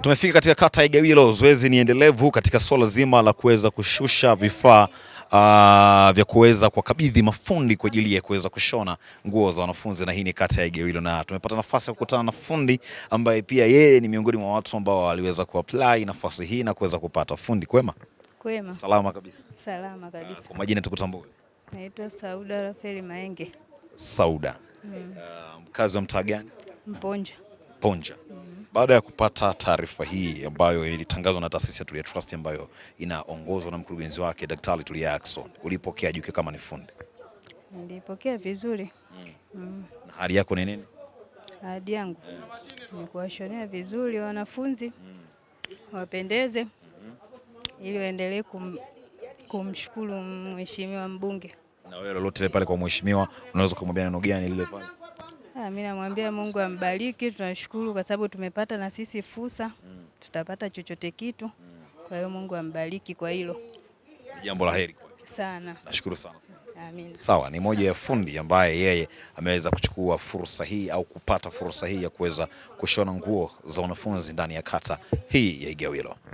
Tumefika katika kata ya Igawilo. Zoezi ni endelevu katika swala zima la kuweza kushusha vifaa Uh, vya kuweza kuwakabidhi mafundi kwa ajili ya kuweza kushona nguo za wanafunzi, na hii ni kata ya Igawilo, na tumepata nafasi ya kukutana na fundi ambaye pia yeye ni miongoni mwa watu ambao waliweza kuapply nafasi hii na kuweza kupata. Fundi kwema? Kwema. Salama kabisa. Salama kabisa. Kwa majina tukutambue. Naitwa Sauda Rafeli Maenge. Sauda. Mm. Ah, mkazi mm. uh, wa mtaa gani? Mponja. Mponja. Baada ya kupata taarifa hii ambayo ilitangazwa na taasisi ya Tulia Trust ambayo inaongozwa na mkurugenzi wake Daktari Tulia Ackson, ulipokea juke kama ni fundi? Nilipokea vizuri. Mm. mm. Na hali yako ni nini? Hali yangu ni kuwashonea vizuri wanafunzi mm. wapendeze mm -hmm. ili waendelee kum, kumshukuru mheshimiwa mbunge. Na wewe lolote pale kwa mheshimiwa, unaweza kumwambia neno gani lile pale? na mimi namwambia Mungu ambariki, tunashukuru kwa sababu tumepata na sisi fursa, mm. tutapata chochote kitu. Mm. Kwa hiyo Mungu ambariki kwa hilo jambo, la heri sana. Nashukuru sana. Amin. Sawa, ni moja ya fundi ambaye yeye ameweza kuchukua fursa hii au kupata fursa hii ya kuweza kushona nguo za wanafunzi ndani ya kata hii ya Igawilo.